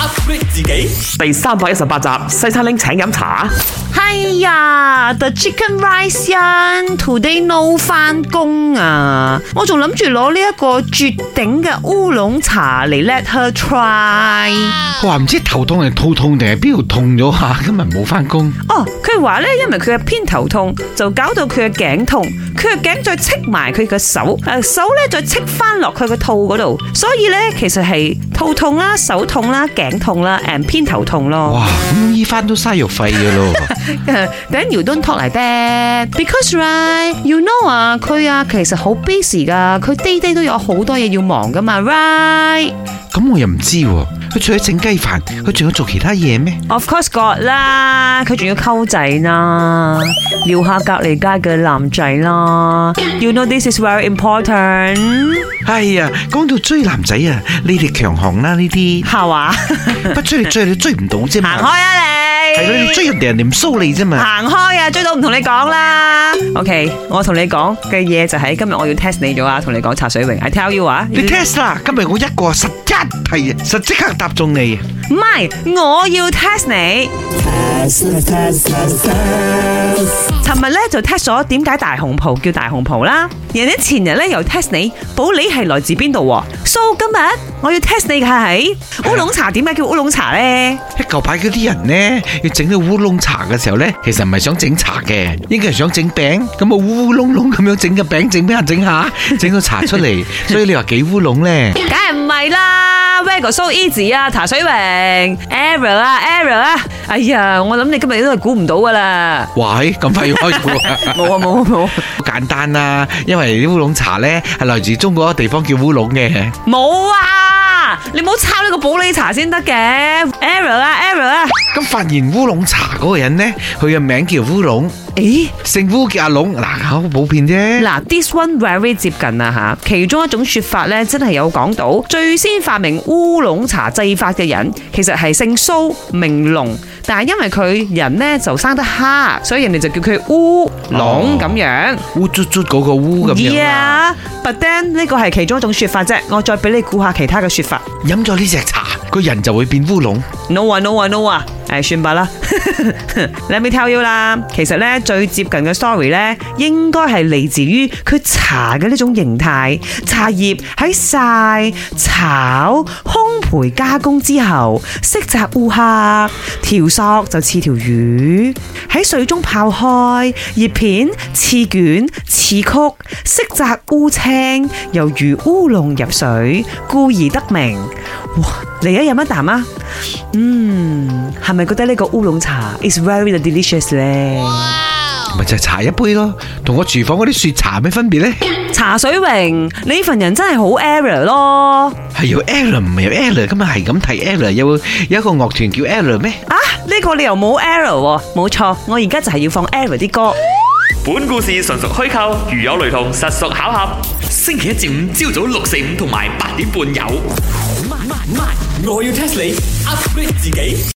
update 自己第三百一十八集西餐廳請飲茶。哎呀，The chicken rice 人，today no 翻工啊！我仲諗住攞呢一個絕頂嘅烏龍茶嚟 let her try。佢話，唔知頭痛定係肚痛定係邊度痛咗吓，今日冇翻工。哦，佢話咧，因為佢嘅偏頭痛就搞到佢嘅頸痛，佢嘅頸再戚埋佢嘅手，誒手咧再戚翻落佢嘅肚嗰度，所以咧其實係肚痛啦、手痛啦、頸。痛啦 and 偏頭痛咯，哇，咁醫翻都嘥藥費嘅咯，等尿頓托嚟爹 because right you know 啊佢啊其實好 busy 噶，佢日日都有好多嘢要忙噶嘛 right 咁我又唔知佢除咗整雞飯佢仲有做其他嘢咩 of course 割啦，佢仲要溝仔啦撩下隔離街嘅男仔啦 you know this is very important 哎呀，講到追男仔啊你哋強項啦呢啲，下話不 追你追你追唔到啫嘛！行開啊，你係咯，你追人哋人哋唔騷你啫嘛！行開啊，追到唔同你講啦。OK，我同你講嘅嘢就喺、是、今日，我要 test 你咗啊，同你講茶水榮，I tell you 啊，你 test 啦，今日我一個十一啊！係，實即刻答中你。唔係，我要 test 你。test 尋日咧就 test 咗點解大紅袍叫大紅袍啦，人哋前日咧又 test 你，保你係來自邊度？蘇、so，今日。我要 test 你噶係烏龍茶，點解叫烏龍茶咧？一舊排嗰啲人咧，要整到烏龍茶嘅時候咧，其實唔係想整茶嘅，應該係想整餅，咁啊烏烏隆隆咁樣整個餅，整俾人整下，整到茶出嚟。 所以你話幾烏龍咧？梗係。係啦，Veg o so easy 啊，茶 水榮 Era 啊 Era 啊，Error, Error，哎呀，我諗你今日都係估唔到噶啦。喂，咁快要開？冇 啊冇啊冇，好簡單啦，因為啲烏龍茶咧係來自中國一個地方叫烏龍嘅。冇啊！你唔好抄呢個保麗茶先得嘅，Error 啊，Error 啊！咁、er er、發明烏龍茶嗰個人呢？佢嘅名叫烏龍，誒、欸，姓烏叫阿龍，嗱，好普遍啫。嗱，this one very 接近啊。吓，其中一種說法咧，真係有講到最先發明烏龍茶製法嘅人，其實係姓蘇名龍，但係因為佢人咧就生得黑，所以人哋就叫佢烏龍咁樣。烏卒卒嗰個烏咁樣。Yeah，but then 呢個係其中一種說法啫，我再俾你估下其他嘅說法。飲咗呢隻茶，個人就會變烏龍。No one, no one, no 啊！誒，算罷啦。 Let me tell you 啦，其實呢最接近嘅 story 呢，應該係嚟自於佢茶嘅呢種形態，茶葉喺晒炒。回加工之後，色澤烏黑，條索就似條魚喺水中泡開，葉片似卷似曲，色澤烏青，猶如烏龍入水，故而得名。哇！嚟一飲一啖啊！嗯，係咪覺得呢個烏龍茶 is very delicious 咧？咪就係茶一杯咯，同我廚房嗰啲雪茶咩分別呢？茶水榮，你份人真係好 error 咯！係有 L 唔係有 L？今日係咁提 L，有有一個樂團叫 L 咩？啊，呢、這個你又冇 L？冇錯，我而家就係要放 L、er、啲歌。本故事純屬虛構，如有雷同，實屬巧合。星期一至五朝早六四五同埋八點半有。我要 test 你 upgrade、啊、自己。